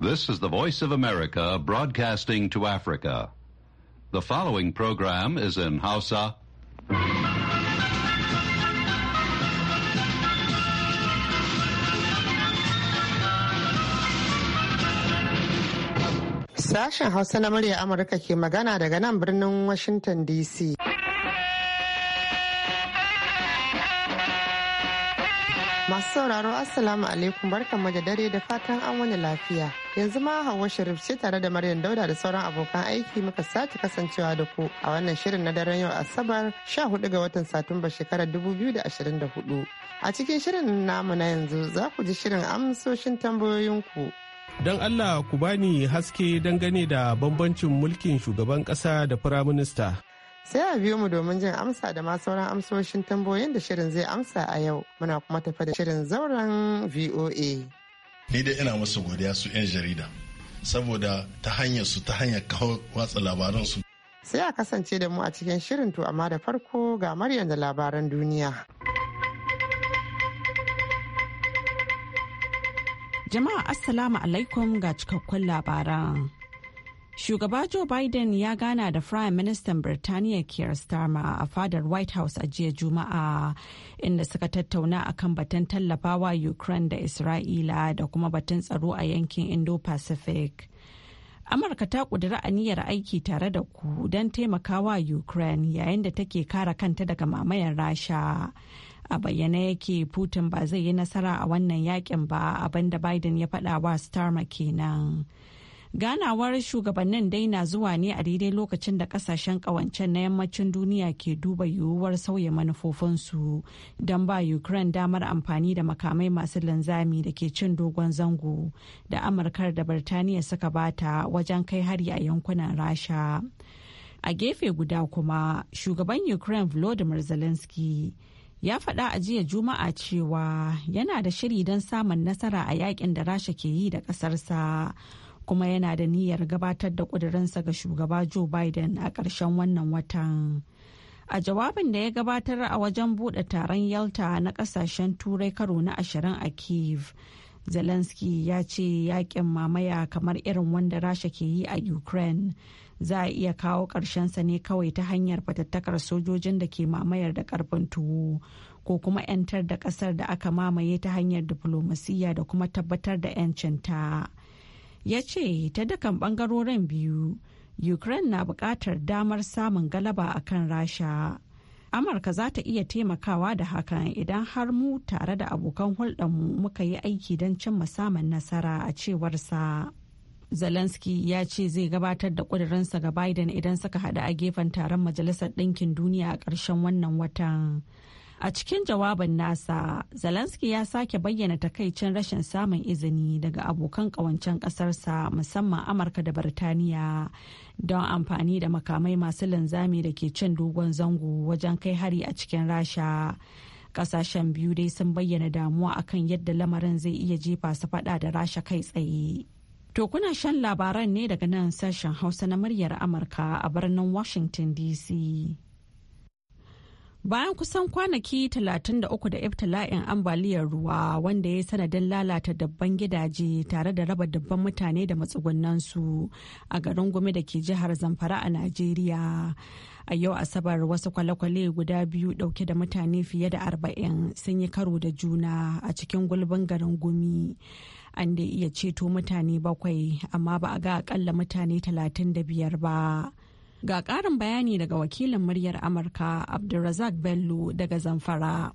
This is the Voice of America broadcasting to Africa. The following program is in Hausa. Sashen Hausa na murya Amurka ke magana daga nan birnin Washington DC. Masu sauraro, Assalamu alaikum barkan da dare da fatan an wani lafiya. yanzu ma hawa sharif ce tare da maryam dauda da sauran abokan aiki muka sace kasancewa da ku a wannan shirin na daren yau asabar 14 ga watan satumba shekarar 2024 a cikin shirin namu na yanzu za ku ji shirin amsoshin tambayoyinku don allah ku bani haske dangane da bambancin mulkin shugaban kasa da firaminista sai a biyo mu domin jin amsa da ma sauran amsoshin tambayoyin da shirin zai amsa a yau muna kuma tafa da shirin zauren voa ni dai ina musu godiya su 'yan jarida saboda ta hanyar su ta hanyar kawo watsa labaran su sai a kasance da mu a cikin shirin to amma da farko ga maryam da labaran duniya jama'a assalamu alaikum ga cikakkun labaran Shugaba Joe Biden ya gana da Prime Minister Birtaniya Keir Starmer a fadar White House a jiya Juma'a inda suka tattauna akan batun tallafawa Ukraine da Isra'ila da kuma batun tsaro a yankin Indo-Pacific. Amurka ta ƙudiri aniyar aiki tare da ku don taimakawa Ukraine yayin da take kare kanta daga mamayar Rasha. a bayyana yake putin ba zai yi nasara a wannan yakin ba abinda biden ya faɗa wa starmer kenan ganawar shugabannin dai na zuwa ne a daidai lokacin da kasashen kawancen na yammacin duniya ke duba yiwuwar sauya manufofinsu don ba ukraine damar amfani da makamai masu linzami da ke cin dogon zango da amurkar da birtaniya suka bata wajen kai hari a yankunan rasha a gefe guda kuma shugaban ukraine volodymyr zelensky ya faɗa a jiya juma'a cewa yana da shiri don samun nasara a yakin da rasha ke yi da ƙasarsa. kuma yana da niyyar gabatar da ƙudurinsa ga shugaba Joe Biden a ƙarshen wannan watan. A jawabin da ya gabatar a wajen buɗe taron Yalta na ƙasashen Turai karo na ashirin a Kiev, Zelensky ya ce yaƙin mamaya kamar irin wanda Rasha ke yi a Ukraine za a iya kawo ƙarshensa ne kawai ta hanyar fatattakar sojojin da ke mamayar da ƙarfin tuwo. ko kuma 'yantar da ƙasar da aka mamaye ta hanyar diflomasiyya da kuma tabbatar da 'yancinta ya ce ta dukan bangarorin biyu ukraine na buƙatar damar samun galaba a kan rasha amurka za ta iya taimakawa da hakan idan har mu tare da abokan hulɗarmu muka yi aiki don cimma samun nasara a cewarsa zelensky ya ce zai gabatar da ƙudurinsa ga biden idan suka haɗu a gefen taron majalisar ɗinkin duniya a ƙarshen wannan watan A cikin jawabin nasa, Zelensky ya sake bayyana takaicin rashin samun izini daga abokan ƙawancen ƙasarsa musamman Amurka da Birtaniya don amfani da makamai masu linzami da ke cin dogon zango wajen kai hari a cikin Rasha. Ƙasashen biyu dai sun bayyana damuwa akan yadda lamarin zai iya jefa su faɗa da Rasha kai tsaye. To kuna shan labaran ne daga nan sashen Hausa na muryar Amurka a birnin Washington DC. bayan kusan kwanaki 33 da iftila'in ambaliyar ruwa wanda ya sanadin lalata dabban gidaje tare da raba dabban mutane da matsugunansu a garin gome da ke jihar zamfara a najeriya a yau asabar wasu kwale-kwale guda biyu dauke da mutane fiye da arba'in sun yi karo da juna a cikin gulbin garin gumi an da iya ceto mutane bakwai amma ba a ga akalla mutane talatin da biyar ba. Ga ƙarin bayani daga wakilin muryar Amurka Abdulrazak Bello daga Zamfara.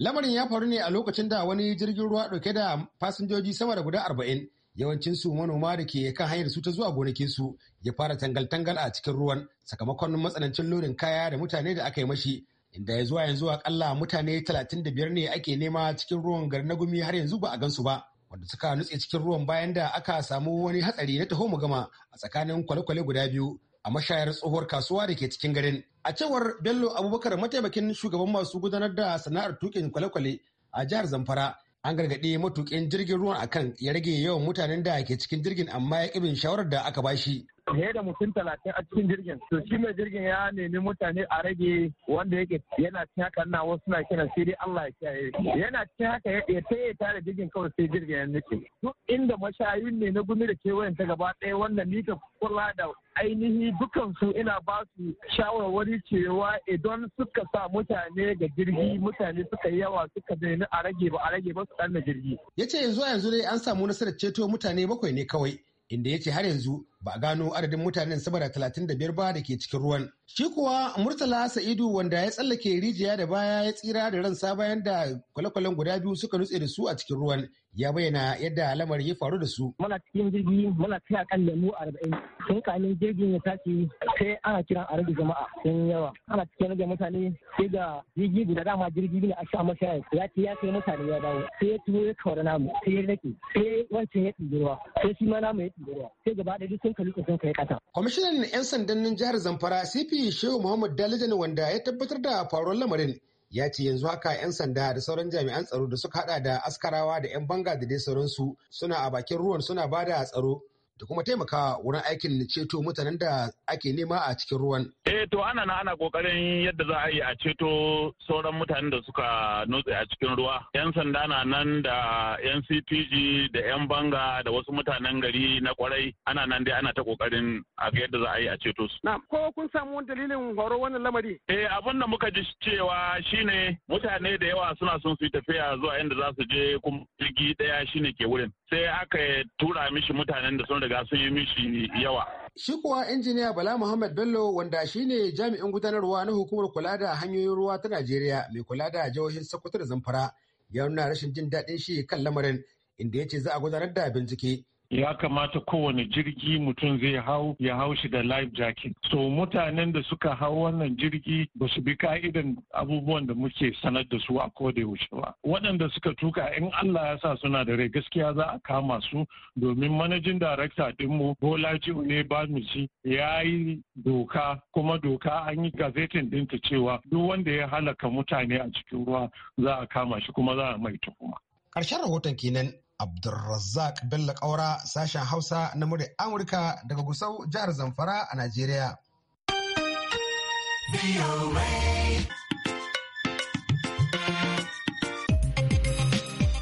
Lamarin ya faru ne a lokacin da wani jirgin ruwa dauke da fasinjoji sama da guda arba'in yawancin su manoma da ke kan hanyar su ta zuwa gonakin su ya fara tangal-tangal a cikin ruwan sakamakon matsanancin lodin kaya da mutane da aka yi mashi inda ya zuwa yanzu akalla mutane talatin da biyar ne ake nema cikin ruwan gari na gumi har yanzu ba a gansu ba wanda suka nutse cikin ruwan bayan da aka samu wani hatsari na taho gama a tsakanin kwale-kwale guda biyu a mashayar tsohuwar kasuwa da ke cikin garin. A cewar Bello Abubakar mataimakin shugaban masu gudanar da sana'ar tukin kwale-kwale a jihar Zamfara an gargaɗi matukin jirgin ruwan akan ya rage yawan mutanen da ke cikin jirgin amma ya ƙibin shawarar da aka bashi. fiye da mutum talatin a cikin jirgin to shi mai jirgin ya nemi mutane a rage wanda yake yana cin haka na wasu na kiran sai dai Allah ya kiyaye yana cin haka ya taya tare jirgin kawai sai jirgin ya nake duk inda mashayin ne na gumi da kewayen ta gaba ɗaya wanda ni ka kula da ainihi dukansu ina ba su shawarwari cewa idan suka sa mutane ga jirgi mutane suka yi yawa suka daina a rage ba a rage ba su ɗan jirgi. Ya ce yanzu a yanzu dai an samu nasarar ceto mutane bakwai ne kawai inda ya ce har yanzu ba a gano adadin mutanen sama da 35 ba da ke cikin ruwan. Shi kuwa Murtala Sa'idu wanda ya tsallake rijiya da baya ya tsira da ransa bayan da kwale-kwalen guda biyu suka nutse da su a cikin ruwan ya bayyana yadda lamar ya faru da su. Muna cikin jirgi muna cikin akan lemu arba'in sun kamin jirgin ya tashi sai ana kiran a rage jama'a sun yawa ana cikin rage mutane sai da jirgi guda dama jirgi ne a sha masa ya ce ya kai mutane ya dawo sai ya tuwo ya kawar namu sai ya rage sai wancan ya tsigirwa sai shi ma namu ya tsigirwa sai gaba ɗaya duk ka lokacin ka kasa. Kwamishinan 'yan sandan jihar Zamfara CP Shehu Muhammad ne wanda ya tabbatar da faruwar lamarin ya ce yanzu haka 'yan sanda da sauran jami'an tsaro da suka hada da askarawa da 'yan banga da dai sauransu suna a bakin ruwan suna bada tsaro da kuma taimakawa wurin aikin ceto mutanen da ake nema a cikin ruwan. Eh to ana na ana kokarin yadda za a yi a ceto sauran mutanen da suka nutse a cikin ruwa. Yan sanda na nan da yan CPG da yan banga da wasu mutanen gari na kwarai ana nan dai ana ta kokarin a ga yadda za a yi a ceto su. Na ko kun samu dalilin horo wannan lamari? Eh abin da muka ji cewa shine mutane da yawa suna son su tafiya zuwa inda za su je kuma jirgi daya shine ke wurin. sai aka tura mishi mutanen da sun riga sun yi mishi yawa. Shi kuwa injiniya Bala Muhammad Bello wanda shi ne jami'in gudanarwa na hukumar kula da hanyoyin ruwa ta Najeriya mai kula da jihohin Sokoto da Zamfara ya nuna rashin jin daɗin shi kan lamarin inda ya ce za a gudanar da bincike ya kamata kowane jirgi mutum zai hau ya hau shi da life jacket so mutanen da suka hau wannan jirgi ba su bi ka'idan abubuwan da muke sanar da su a koda yaushe ba waɗanda suka tuka in Allah ya sa suna da rai gaskiya za a kama su domin manajin darakta dinmu Bolaji ne Bamici ya yi doka kuma doka an yi gazetin dinta cewa duk wanda ya halaka mutane a cikin ruwa za a kama shi kuma za a mai tuhuma. Ƙarshen rahoton kenan Abdulrazak Bello Kaura sashen Hausa na murya Amurka daga Gusau jihar Zamfara a Najeriya.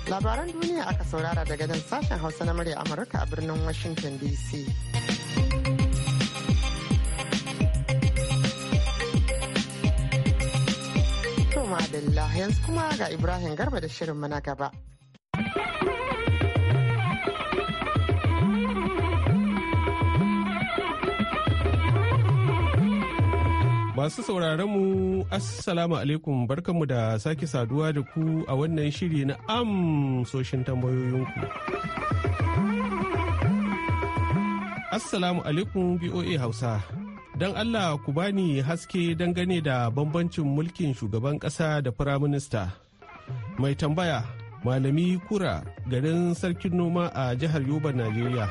Labaran duniya aka saurara daga nan sashen Hausa na murya Amurka a birnin Washington DC. To yanzu kuma ga Ibrahim Garba da shirin mana gaba. Masu sauraron mu Assalamu alaikum barkanmu da sake saduwa da ku a wannan shiri na amsoshin tambayoyinku. Assalamu alaikum BOA Hausa. Don Allah ku bani haske dangane da bambancin mulkin shugaban ƙasa da firaminista. Mai tambaya, Malami Kura garin sarkin noma a jihar Yoba, Najeriya.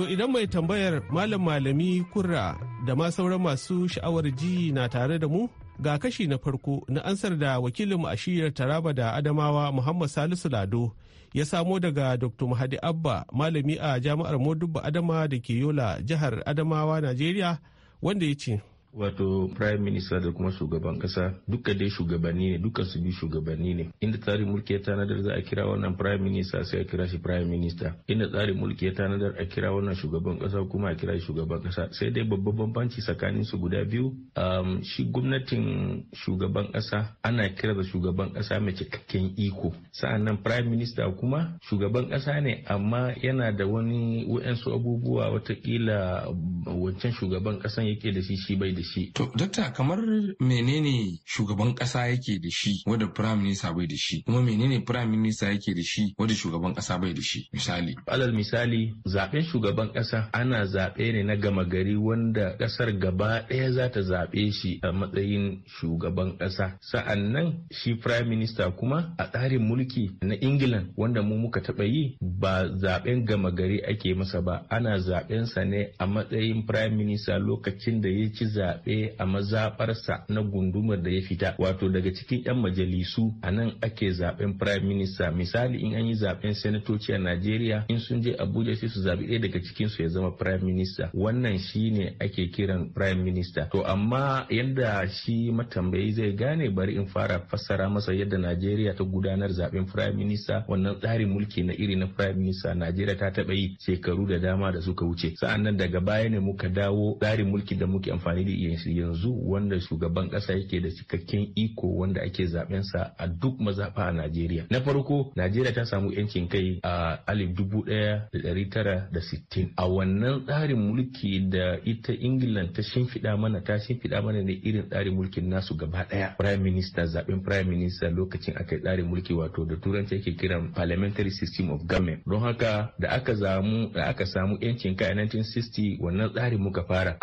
To idan mai tambayar malam malami kurra da ma sauran masu sha'awar ji na tare da mu ga kashi na farko na ansar da wakilin shiryar taraba da adamawa muhammad salisu lado ya samo daga dr mahadi abba malami a jami'ar modubba adama da ke yola jihar adamawa najeriya wanda ya ce wato prime minister da kuma shugaban kasa duka dai shugabanni ne duka su bi shugabanni ne inda tsarin mulki ya tanadar za a kira wannan prime minister sai a kira shi prime minister inda tsarin mulki ya tanadar a kira wannan shugaban kasa kuma a kira shugaban kasa sai dai babban bambanci tsakanin su guda biyu um, shi gwamnatin shugaban kasa ana kira da shugaban kasa mai cikakken iko sa'annan prime minister kuma shugaban kasa ne amma yana da wani wa'ansu abubuwa watakila wancan shugaban kasan yake da shi shi bai da da shi. To, Dokta, kamar menene shugaban kasa yake da shi wadda prime minista bai da shi kuma menene prime minista yake da shi wadda shugaban kasa bai da shi misali. Alal misali zaɓen shugaban ƙasa ana zaɓe ne na gama gari wanda ƙasar gaba ɗaya za ta zaɓe shi a matsayin shugaban ƙasa Sa'an nan shi prime minister kuma a tsarin mulki na England wanda mu muka taɓa yi ba zaɓen gama gari ake masa ba ana zaɓensa ne a matsayin prime minister lokacin da ya ci zaɓe zaɓe a mazaɓarsa na gundumar da ya fita wato daga cikin 'yan majalisu a nan ake zaɓen prime minister misali in an yi zaɓen senatoci a najeriya in sun je abuja sai su zaɓi ɗaya daga cikin su ya zama prime minister wannan shine ake kiran prime minister to amma yadda shi matambayi zai gane bari in fara fassara masa yadda najeriya ta gudanar zaɓen prime minister wannan tsarin mulki na iri na prime minister najeriya ta taɓa yi shekaru da dama da suka wuce sa'an nan daga baya ne muka dawo tsarin mulki da muke amfani da yanzu wanda shugaban kasa yake da cikakken iko wanda ake zaben sa a duk mazafa a Najeriya. Na farko Najeriya ta samu yancin kai a alif dubu ɗaya ɗari tara da sittin. A wannan tsarin mulki da ita England ta shimfiɗa mana ta shimfiɗa mana ne irin tsarin mulkin nasu gaba ɗaya. Prime Minister zaben Prime Minister lokacin akai yi tsarin mulki wato da turanci ake kiran parliamentary system of government. Don haka da aka zamu da aka samu yancin kai a 1960 wannan tsarin muka fara.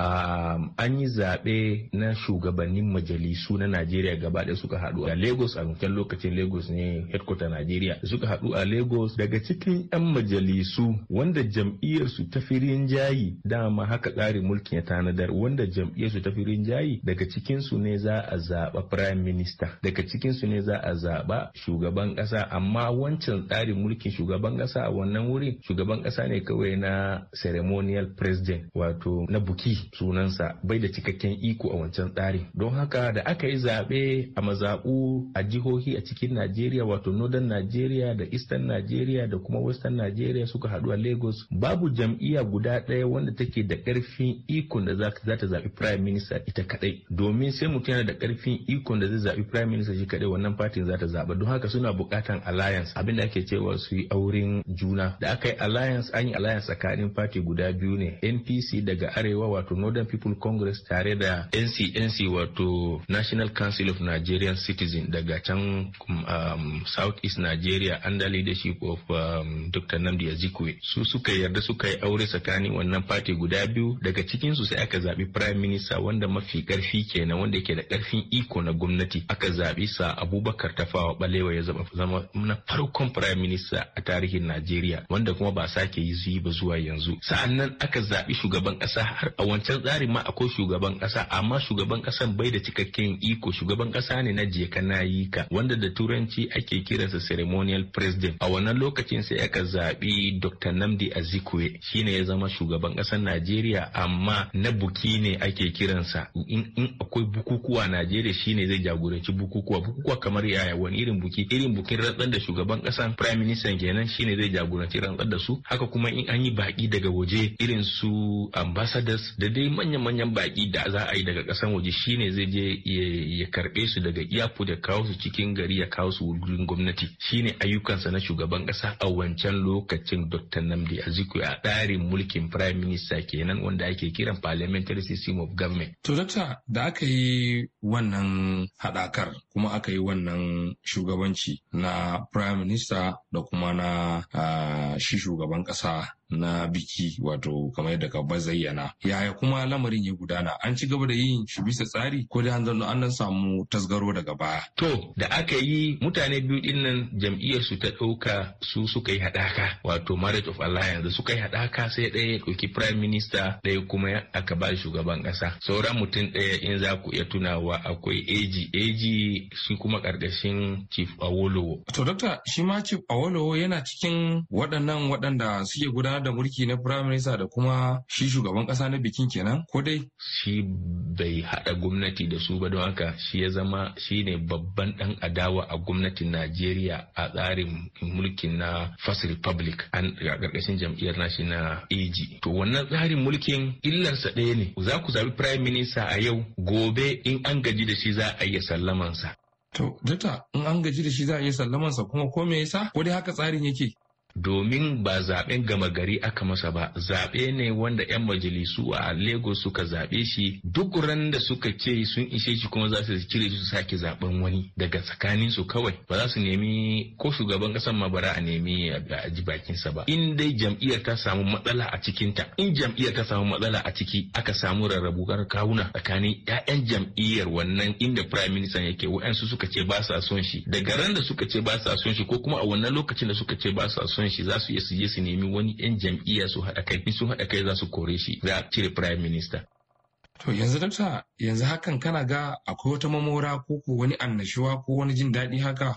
An yi za zaɓe na shugabannin majalisu na Najeriya gaba ɗaya suka haɗu a Lagos a wancan lokacin Lagos ne headquarter Najeriya suka haɗu a Lagos daga cikin 'yan majalisu wanda jam'iyyar su ta firin jayi dama haka tsarin mulkin ya tanadar wanda jam'iyyar su ta firin jayi daga cikin su ne za a zaɓa prime minister daga cikin su ne za a zaɓa shugaban ƙasa amma wancan tsarin mulkin shugaban ƙasa a wannan wurin shugaban ƙasa ne kawai na ceremonial president wato na buki sunansa bai da cikakken cikakken iko a wancan tsarin don haka da aka yi zaɓe a mazaɓu a jihohi a cikin najeriya wato northern najeriya da eastern najeriya da kuma western najeriya suka haɗu a lagos babu jam'iyya guda ɗaya wanda take da ƙarfin ikon da za ta zaɓi prime minister ita kaɗai domin sai mutum yana da ƙarfin ikon da zai zaɓi prime minister shi kaɗai wannan fatin za ta zaɓa don haka suna buƙatan alliance abin da ake cewa su yi auren juna da aka yi alliance an yi alliance tsakanin fati guda biyu ne npc daga arewa wato northern people congress tare tare da ncnc wato national council of nigerian citizen daga can um, um south east nigeria under leadership of um, dr namdi azikiwe su suka yarda suka yi aure tsakanin wannan party guda biyu daga cikinsu sai aka zaɓi prime minister wanda mafi ƙarfi kenan wanda ke da ƙarfin iko na gwamnati aka zaɓi sa abubakar tafawa balewa ya zama na farkon prime minister a tarihin nigeria. wanda kuma ba sake yi ba zuwa yanzu sa'annan aka zaɓi shugaban ƙasa har a wancan tsarin ma akwai shugaban kasa amma shugaban kasan bai da cikakken iko shugaban kasa ne na jeka na yi ka wanda da turanci ake kiransa ceremonial president a wannan lokacin sai aka zaɓi dr namdi azikwe shine ya zama shugaban kasan najeriya amma na buki ne ake kiransa in akwai bukukuwa najeriya shine zai jagoranci bukukuwa bukukuwa kamar yaya wani irin buki irin bukin rantsar da shugaban kasan prime minister kenan shine zai jagoranci rantsar da su haka kuma in an yi baki daga waje irin su ambassadors da dai manya-manyan baki da za a yi daga kasan waje shine zai je ya karbe su daga airport ya kawo su cikin gari ya kawo su wurin gwamnati shine ayyukansa na shugaban kasa a wancan lokacin Dr. Namdi Azikiwe a tsarin mulkin Prime Minister kenan wanda ake kiran Parliamentary System of Government. To Dokta da aka yi wannan haɗakar kuma aka yi wannan shugabanci na Prime Minister da kuma na ah, shi shugaban ƙasa na biki wato kamar yadda ka bazayyana yaya kuma lamarin ya gudana an ci gaba da yin shi bisa tsari ko da hanzarlo an nan samu tasgaro daga baya to da aka yi mutane biyu din nan jam'iyyar su ta ɗauka su suka yi haɗaka wato marriage of alliance da suka yi haɗaka sai ɗaya ya ɗauki prime minister ɗaya kuma aka ba shugaban ƙasa sauran mutum ɗaya in za ku iya tunawa akwai AG AG shi kuma ƙarƙashin chief Awolowo to dokta shi ma chief Awolowo yana cikin waɗannan waɗanda suke gudanar gudanar da mulki na prime minister da kuma shi shugaban kasa na bikin kenan ko dai shi bai haɗa gwamnati da su ba don haka shi ya zama shi ne babban ɗan adawa a gwamnatin Najeriya a tsarin mulkin na First Republic an ƙarƙashin jam'iyyar nashi na AG to wannan tsarin mulkin illarsa ɗaya ne za ku zabi prime minister a yau gobe in an gaji da shi za a iya sallamansa To, Dokta, in an gaji da shi za a iya sallamansa kuma ko me yasa? Ko dai haka tsarin yake? domin ba zaben gama gari aka masa ba zaɓe ne wanda 'yan majalisu a lagos suka zaɓe shi duk ran da suka ce sun ishe shi kuma za su cire su sake zaben wani daga tsakanin su kawai ba za su nemi ko shugaban ƙasar ma bara a nemi a ji bakinsa ba in dai jam'iyyar ta samu matsala a cikin ta in jam'iyyar ta samu matsala a ciki aka samu rarrabuwar kawuna tsakanin ƴaƴan jam'iyyar wannan inda prime minister yake wa'ansu suka ce ba sa son shi daga ran da suka ce ba sa son shi ko kuma a wannan lokacin da suka ce ba sa son kan shi za su iya su su nemi wani 'yan jam'iyya su haɗa kai in su haɗa kai za su kore shi za a cire prime minister. To yanzu dakta yanzu hakan kana ga akwai wata mamora ko ko wani annashuwa ko wani jin daɗi haka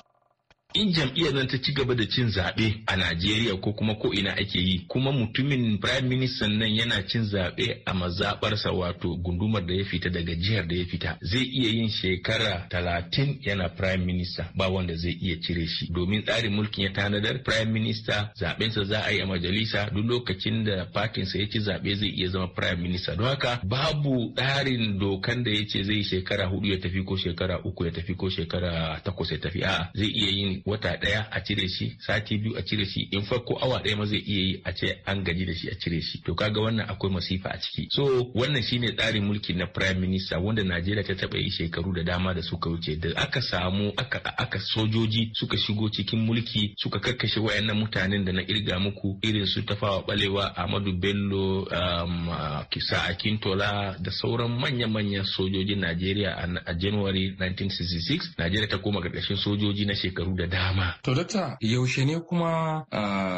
in jam'iyyar nan ta ci gaba da cin zaɓe a Najeriya ko kuma ko ina ake yi kuma mutumin prime minister nan yana cin zaɓe a mazaɓarsa wato gundumar da ya fita daga jihar da ya fita zai iya yin shekara talatin yana prime minister ba wanda zai iya cire shi domin tsarin mulkin ya tanadar prime minister zaɓensa za a yi a majalisa duk lokacin da fatinsa ya ci zaɓe zai iya zama prime minister don haka babu tsarin dokan da ya ce zai shekara hudu ya tafi ko shekara uku ya tafi ko shekara takwas ya tafi a'a zai iya yin wata ɗaya a cire shi sati biyu a cire shi in farko awa ɗaya ma zai iya yi a ce an gaji da shi a cire shi to kaga wannan akwai masifa a ciki so wannan shine tsarin mulki na prime minister wanda Najeriya ta taɓa yi shekaru da dama da suka wuce da aka samu aka aka sojoji suka shigo cikin mulki suka karkashe wayannan mutanen da na irga muku irin su tafawa balewa Amadu Bello um, uh, Kisa Akintola da sauran manya-manyan sojojin Najeriya a January 1966 Najeriya ta koma ƙarƙashin sojoji na shekaru da dama. To dakta yaushe ne kuma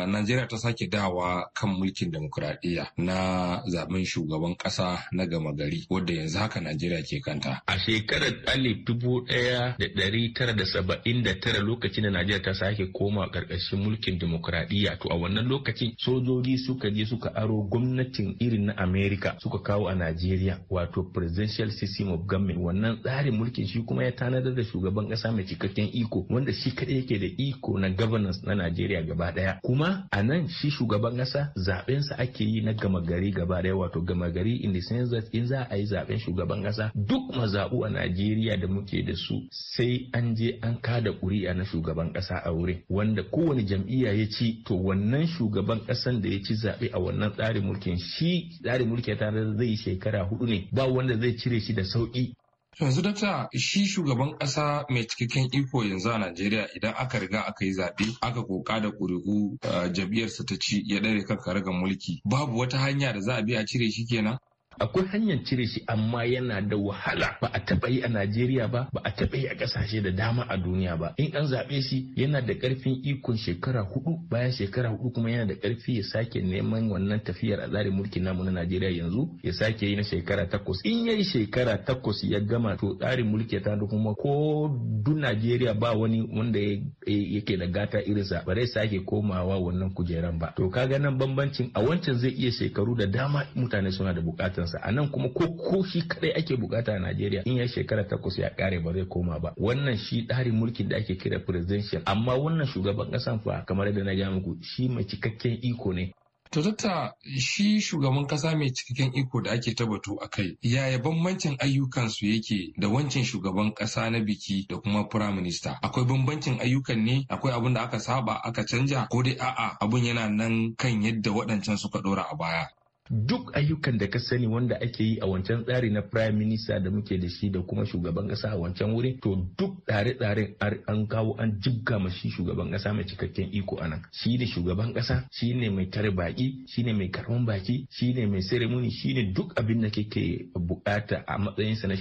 Najeriya ta sake dawa kan mulkin demokuraɗiyya na zaben shugaban ƙasa na gama gari wadda yanzu haka Najeriya ke kanta. A shekarar alif dubu ɗaya da ɗari tara da saba'in da tara lokacin da Najeriya ta sake koma ƙarƙashin mulkin demokuraɗiyya to a wannan lokacin sojoji suka je suka aro gwamnatin irin na Amerika suka kawo a Najeriya wato presidential system of government wannan tsarin mulkin shi kuma ya tanadar da shugaban ƙasa mai cikakken iko wanda shi kaɗai yake da iko na governance na Najeriya gaba daya kuma a nan shi shugaban kasa zaben sa ake yi na gama gari gaba daya wato gama gari in the sense that in za a yi zaben shugaban kasa duk mazabu a Najeriya da muke da su sai an je an kada kuri'a na shugaban kasa a wurin wanda kowane jam'iyya ya ci to wannan shugaban kasan da ya ci zabe a wannan tsarin mulkin shi tsarin mulkin ta zai yi shekara hudu ne ba wanda zai cire shi da sauki Yanzu dakta shi shugaban ƙasa mai cikakken iko yanzu a Najeriya idan aka riga aka yi zaɓe aka koka da ƙuri'u eh, jam'iyyarsa ta ci ya ɗare kan karagar mulki babu wata hanya da za a bi a cire shi kenan? akwai hanyar cire shi amma yana da wahala ba a taba yi a Najeriya ba ba a taba yi a kasashe da dama a duniya ba in an zabe shi yana da karfin ikon shekara hudu bayan shekara hudu kuma yana da karfi ya sake neman wannan tafiyar a tsarin mulki namu na Najeriya yanzu ya sake yi na shekara takwas in yayi shekara takwas ya gama to tsarin mulki ta da kuma ko duk Najeriya ba wani wanda yake da gata sa. ba zai sake komawa wannan kujeran ba to kaga nan bambancin a wancan zai iya shekaru da dama mutane suna da bukatar kansa a nan kuma ko ko shi kadai ake bukata a Najeriya in ya shekara takwas ya kare ba zai koma ba wannan shi tsarin mulkin da ake kira presidential amma wannan shugaban kasan fa kamar yadda na ga muku shi mai cikakken iko ne To shi shugaban kasa mai cikakken iko da ake tabbato a kai yaya bambancin ayyukansu yake da wancan shugaban kasa na biki da kuma prime minister akwai bambancin ayyukan ne akwai abin da aka saba aka canja ko dai a'a abun yana nan kan yadda waɗancan suka ɗora a baya. duk ayyukan da ka sani wanda ake yi a wancan tsari na prime minister da muke da shi da kuma shugaban kasa a wancan wuri to duk tsare-tsaren an kawo an jigga ma shi shugaban kasa mai cikakken iko anan shi ne shugaban kasa shi ne mai tare baki shi ne mai karban baki shi ne mai ceremony shi ne duk abin da kake bukata a matsayinsa na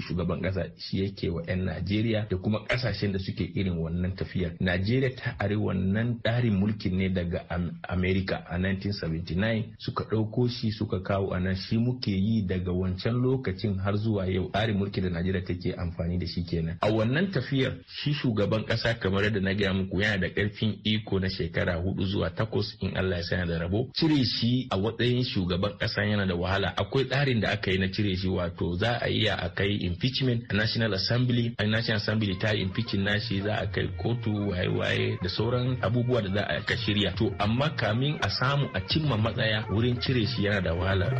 shugaban kasa shi yake wa 'yan Najeriya da kuma kasashen da suke irin wannan tafiyar Najeriya ta are wannan tsarin mulkin ne daga America a 1979 suka ɗauko shi suka kawo a nan shi muke yi daga wancan lokacin har zuwa yau tsarin mulki da najeriya take amfani da shi kenan a wannan tafiyar shi shugaban kasa kamar yadda na gaya muku yana da karfin iko na shekara hudu zuwa takwas in allah ya sanya da rabo cire shi a watsayin shugaban kasa yana da wahala akwai tsarin da aka yi na cire shi wato za a iya a kai impeachment a national assembly a national assembly ta impeachment shi za a kai kotu waye-waye da sauran abubuwa da za a ka shirya to amma kamin a samu a cimma matsaya wurin cire shi yana da wahala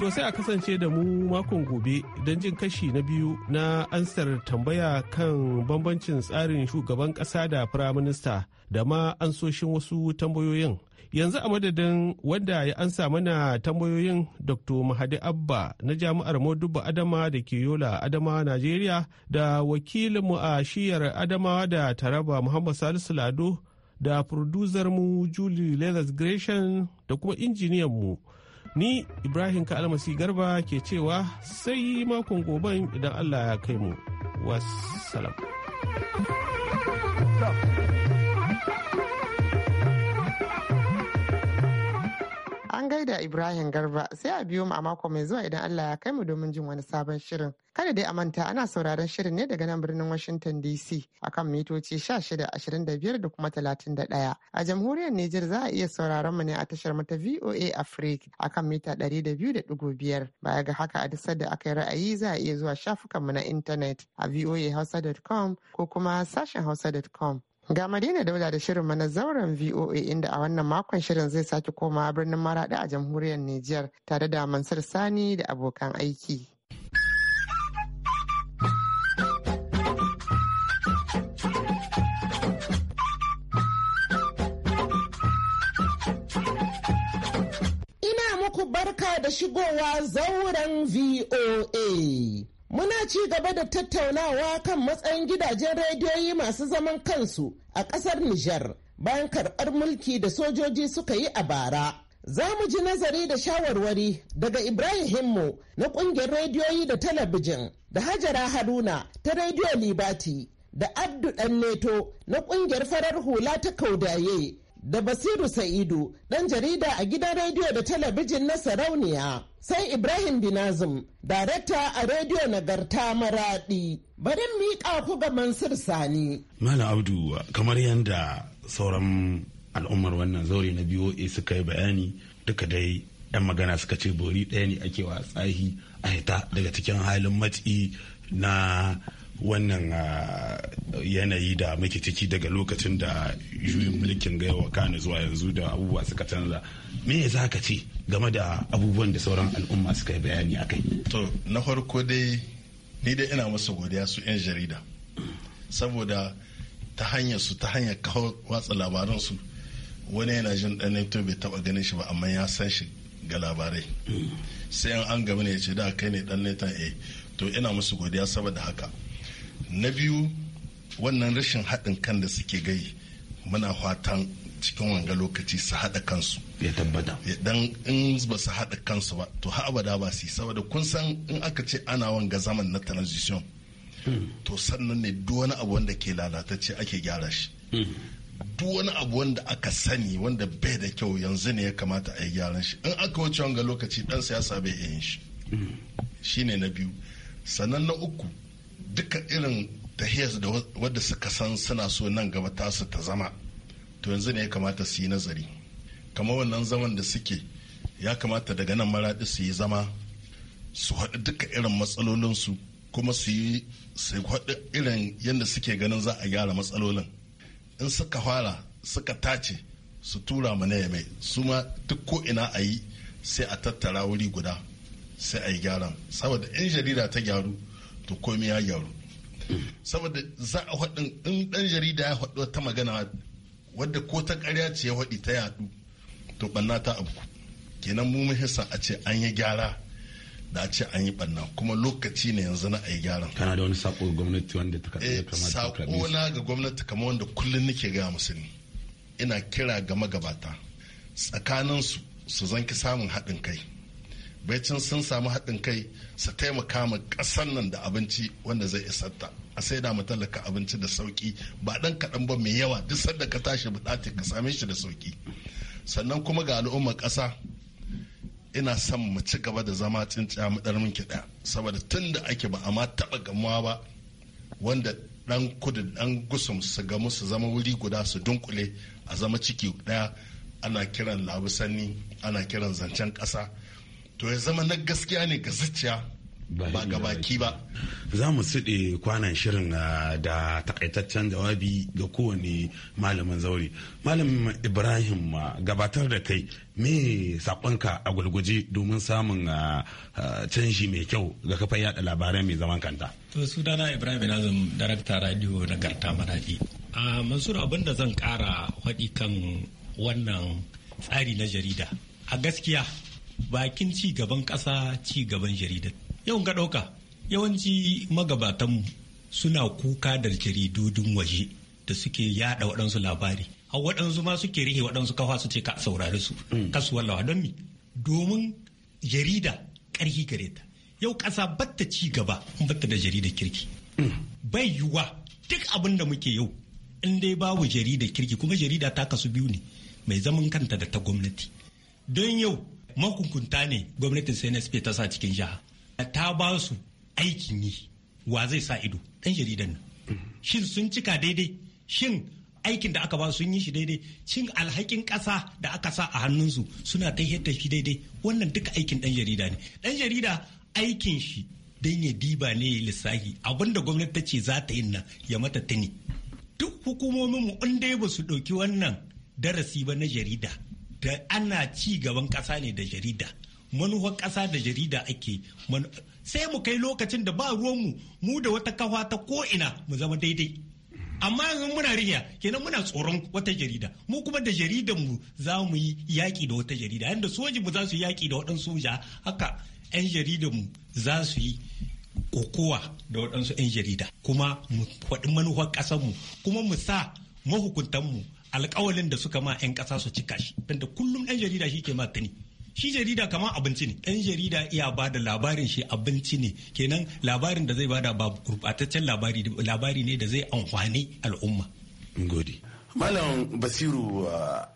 To sai a kasance da mu makon gobe don jin kashi na biyu na ansar tambaya kan bambancin tsarin shugaban ƙasa da firaminista da ma ansoshin wasu tambayoyin. Yanzu a madadin wanda ya ansa mana tambayoyin Dr. Mahadi Abba na Jami'ar Moduba Adama da ke Yola Adama, Najeriya da wakilinmu a shiyar Adama da Taraba Muhammad Salisu Lado. da mu Julie Leathers Gresham da kuma injiniyan mu Ni Ibrahim Kalmasi Garba ke cewa sai makon goben idan Allah ya kai mu. Wassalam. gaida Ibrahim Garba sai a biyo mu a mako mai zuwa idan Allah ya kai mu domin jin wani sabon shirin. Kada dai a manta ana sauraron shirin ne daga nan birnin Washington DC akan mitoci 1625 da kuma 31. A jamhuriyar Nijar za a iya sauraron mu ne a tashar mata VOA Africa akan mita 200.5. Baya ga haka a duk da aka yi ra'ayi za a iya zuwa shafukanmu na intanet a voahausa.com ko kuma sashen hausa.com. Ga Madina Dauda da shirin mana zauren VOA inda a wannan makon shirin zai sake koma birnin Maraɗi a jamhuriyar Nijar tare da Mansur Sani da abokan aiki. Ina muku barka da shigowa zauren VOA. Muna ci gaba da tattaunawa kan matsayin gidajen rediyoyi masu zaman kansu a ƙasar Nijar bayan karɓar mulki da sojoji suka yi a bara. Za mu ji nazari da shawarwari daga Ibrahim Himmo na ƙungiyar rediyoyi da talabijin da Hajara Haruna ta rediyo Libati da Abdu Neto na ƙungiyar farar hula ta Kaudaye da Basiru Sa'idu ɗan jarida a gidan rediyo da talabijin na Sarauniya. Sai Ibrahim Binazim, darakta a rediyo Nagarta Maraɗi. Bari miƙa ku ga Mansur Sani. Malam Abdu kamar yadda sauran al'ummar wannan zauri na BOA suka yi bayani duka dai 'yan magana suka ce bori ɗaya ne ake wa tsahi a hita daga cikin halin matsi na wannan ah, yanayi da muke ciki daga lokacin da juyin mulkin ga yawa kana zuwa yanzu da abubuwa suka canza me za ka ce game da abubuwan da sauran al'umma suka yi bayani a kai to na farko dai ni dai ina masa godiya su 'yan jarida saboda ta hanyar su ta hanyar kawo watsa labaransu wani yana jin dan to bai taba ganin shi ba amma ya san shi ga labarai mm. sai an gaba ne ya ce da kai ne dan eh to ina musu godiya saboda haka na biyu wannan rashin haɗin kan da suke gai muna fatan cikin wanga lokaci su haɗa kansu ya tabbata dan in ba su haɗa kansu ba to ha abada ba su saboda kun san in aka ce ana wanga zaman na transition hmm. to sannan ne duk wani abu wanda ke lalatacce ake gyara shi hmm. duk wani abu wanda aka sani wanda bai da kyau yanzu ne ya kamata a yi gyaran shi in aka wuce wanga lokaci dan siyasa bai iya yin shi hmm. shine na biyu sannan na uku duka irin tahiyar da wadda suka san suna so nan gaba tasu ta zama to yanzu ne ya kamata su yi nazari kamar wannan zaman da suke ya kamata daga nan maraɗi su yi zama su haɗu duka irin matsalolinsu kuma su yi su haɗu irin yadda suke ganin za a gyara matsalolin in suka fara suka tace su tura mana ya mai su ma duk ko ina a yi sai a tattara wuri guda sai a yi gyaran saboda in jarida ta gyaru to komai ya gyaru saboda za a haɗin in ɗan jarida ya haɗu ta magana wadda ko ta ƙarya ce ya haɗi ta yaɗu to ɓanna ta abu kenan mu mahisa a ce an yi gyara da a ce an yi ɓanna kuma lokaci ne yanzu na a yi gyaran kana da wani sako ga gwamnati wanda ta eh, kamata sako na ga gwamnati kamar wanda kullum nake ga musulmi ina kira ga magabata tsakaninsu su zanki samun haɗin kai baicin sun samu haɗin kai su taimaka ma ƙasar nan da abinci wanda zai isar ta a sai da talaka abinci da sauki ba ɗan kaɗan ba mai yawa duk sanda ka tashi buɗati ka same shi da sauki sannan kuma ga al'ummar ƙasa ina son mu ci gaba da zama tsintsiya mu ɗar minki ɗaya saboda tun da ake ba a ma taɓa gamuwa ba wanda ɗan kudu ɗan gusum su gamu su zama wuri guda su dunkule a zama ciki ɗaya ana kiran labusanni ana kiran zancen ƙasa to ya zama na gaskiya ne ga zuciya ba ga baki ba za mu suɗe kwanan shirin ah, da takaitaccen jawabi ga kowane malamin zaure malamin ibrahim ah, gabatar da kai me saƙonka a gulguje domin samun ah, canji mai kyau ga kafa yada labarai mai zaman kanta to sunana ibrahim nazim darakta radio na garta maradi a mansur abin da zan ƙara faɗi kan wannan tsari na jarida a gaskiya bakin ci gaban ƙasa ci gaban jaridar yawan ga ɗauka yawanci magabatanmu suna kuka da jaridodin waje da suke yada waɗansu labari A waɗansu ma suke rihe waɗansu kafa su ce ka saurari su mm. kasu wallawa don mi domin jarida ƙarfi gare ta yau ƙasa batta ci gaba in batta da jaridar kirki mm. bai yiwuwa duk abin da muke yau in dai babu jaridar kirki kuma jarida ta kasu biyu ne mai zaman kanta da ta gwamnati don yau makunkunta ne gwamnatin CNSP ta sa cikin jiha ta ba su aikin yi wa zai sa ido ɗan jaridan nan shin sun cika daidai shin aikin da aka ba sun yi shi daidai cin alhakin ƙasa da aka sa a hannunsu suna ta yadda shi daidai wannan duka aikin ɗan jarida ne ɗan jarida aikin shi don ya diba ne ya lissafi abinda gwamnati ta ce za ta yi nan ya mata tuni duk hukumomin mu in dai ba su ɗauki wannan darasi ba na jarida da ana ci gaban kasa ne da jarida manufar kasa da jarida ake sai mu kai lokacin da ba ruwanmu mu da wata kafa ta ko'ina mu zama daidai amma yanzu muna riya kenan muna tsoron wata jarida mu kuma da jaridan mu za mu yi yaƙi da wata jarida yanda soji mu za su yi yaƙi da waɗansu soja haka 'yan jaridan mu za su yi kokowa da waɗansu 'yan jarida kuma mu faɗi manufar ƙasar mu kuma mu sa mahukuntan mu Alƙawalin da suka ma 'yan ƙasa su cika shi tunda kullum ɗan jarida shi ke ma tuni shi jarida kama abinci ne ɗan jarida iya ba da labarin shi abinci ne kenan labarin da zai bada ba gurɓataccen labari labari ne da zai amfani al'umma gode malam basiru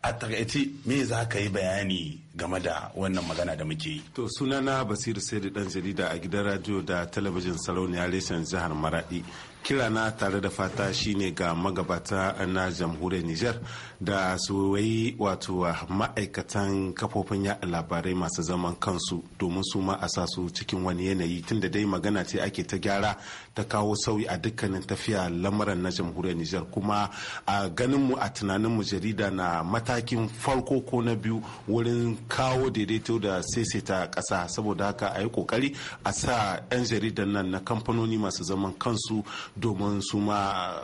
a takaice me za ka yi bayani game da wannan magana da muke yi to sunana basiru sai da dan jarida a gidan radio da talabijin sarauniya reshen jihar maradi kirana tare da fata shine ga magabata na jamhuriyar niger da su yi wato ma'aikatan kafofin ya labarai masu zaman kansu domin su ma a sa su cikin wani yanayi tunda dai magana ce ake ta gyara ta kawo sauyi a dukkanin tafiya lamuran na jamhuriyar Nijar kuma a ganin mu a tunanin mu jarida na matakin farko ko na biyu wurin kawo daidaito da saisaita ƙasa saboda haka a yi kokari a sa 'yan jaridan nan na kamfanoni masu zaman kansu domin su ma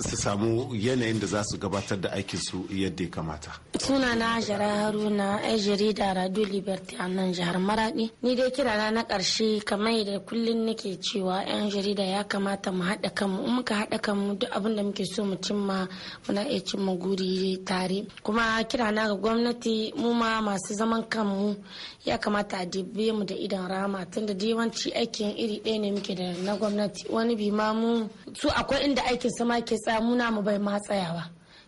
su samu yanayin da za su gabatar da aikinsu yadda ya kamata. suna na hajara haruna yan jarida radio liberty a nan jihar maradi ni dai kira na na karshe kamar yadda kullum nake cewa yan jarida ya kamata mu haɗa kanmu in muka haɗa kanmu duk abin da muke so mu cimma muna iya cimma guri tare kuma kirana ga gwamnati mu ma masu zaman kanmu ya kamata a dibbe mu da idan rama tunda da yawanci aikin iri ɗaya ne muke da na gwamnati wani bi ma mu su akwai inda aikin sama ke ke tsaya muna mu bai ma tsayawa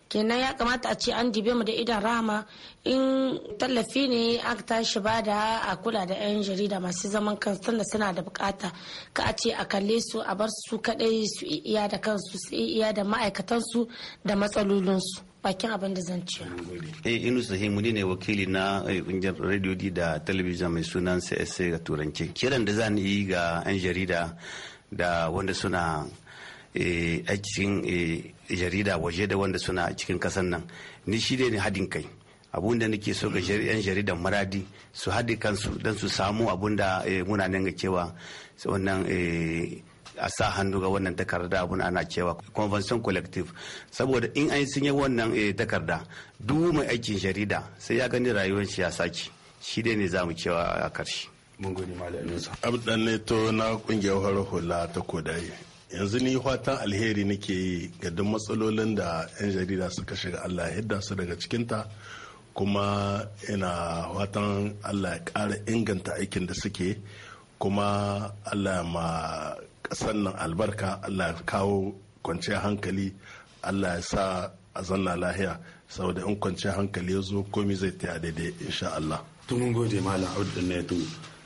kenan ya kamata a ce an dibe mu da idan rama in tallafi ne a tashi ba da a kula da 'yan jarida masu zaman kansu da suna da bukata ka a ce a kalle su a bar su kadai su iya da kansu su iya da ma'aikatansu da matsalolinsu bakin abin da zan ci. Eh Inu sahimu ne wakili na kungiyar eh, radio da talabijin mai sunan CSA ga turanci. Kiran da zan yi ga 'yan jarida da wanda suna Eh, a cikin eh, jarida waje da wanda suna cikin kasan nan ni shi ne haɗin kai abun da nake so ga yan jaridan maradi su haɗe kansu don su samu abun da eh, muna nan ga cewa wannan a sa hannu ga wannan takarda abun ana cewa convention collective saboda in an sun yi wannan takarda duk mai aikin jarida sai ya gani rayuwar shi ya saki shi ne za mu cewa a karshe mun gode abdan na kungiyar hula ta kodaye yanzu ni fatan alheri nake yi ga duk matsalolin da 'yan jarida suka shiga allah ya hidda su daga cikinta kuma ina fatan allah ya ƙara inganta aikin da suke kuma allah ya ma ƙasan nan albarka allah ya kawo kwanciyar hankali allah ya sa a zanna lahiya saboda in kwanciyar hankali ya zo komi zai taya daidai insha allah. gode malam ya Neto.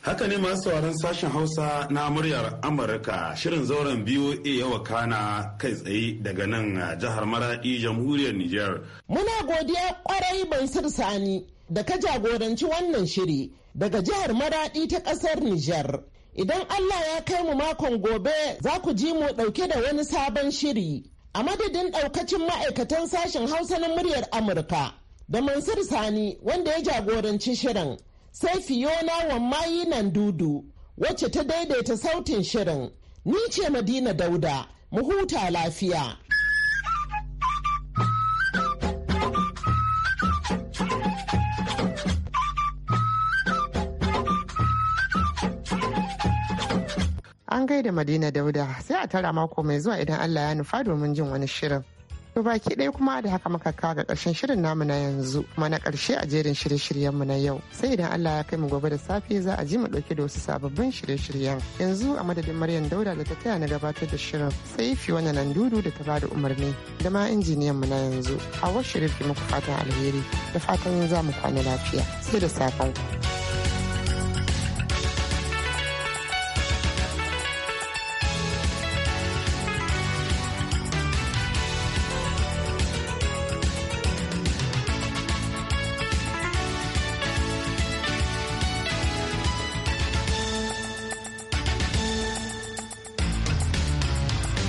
Haka ne masu sauraron sashen Hausa na muryar Amurka shirin zauren BOA ya wakana kai tsaye daga nan a jihar Maradi jamhuriyar Nijar. Muna godiya kwarai sir Sani da ka jagoranci wannan shiri daga jihar Maradi ta kasar Nijar. Idan Allah ya kai mu makon gobe za ku ji mu dauke da wani sabon shiri. A madadin daukacin ma'aikatan sashen Hausa na muryar Amurka da Mansur Sani wanda ya jagoranci shirin. sai Fiona mayi nan dudu wacce ta daidaita sautin shirin. Ni ce Madina Dauda, mu huta lafiya. An gaida Madina Dauda sai a tara mako mai zuwa idan Allah ya nufa domin jin wani shirin. To baki ɗaya kuma da haka muka kaga ƙarshen shirin namu na yanzu kuma na ƙarshe a jerin shirye shiryen mu na yau. Sai idan Allah ya kai mu gobe da safe za a ji mu ɗauke da wasu sababbin shirye-shiryen. Yanzu a madadin Maryam Dauda da ta taya na gabatar da shirin sai fi wannan nan dudu da ta bada umarni da ma injiniyan mu na yanzu. A Hawa Shirif muku fatan alheri da fatan za mu kwana lafiya. Sai da safen ku.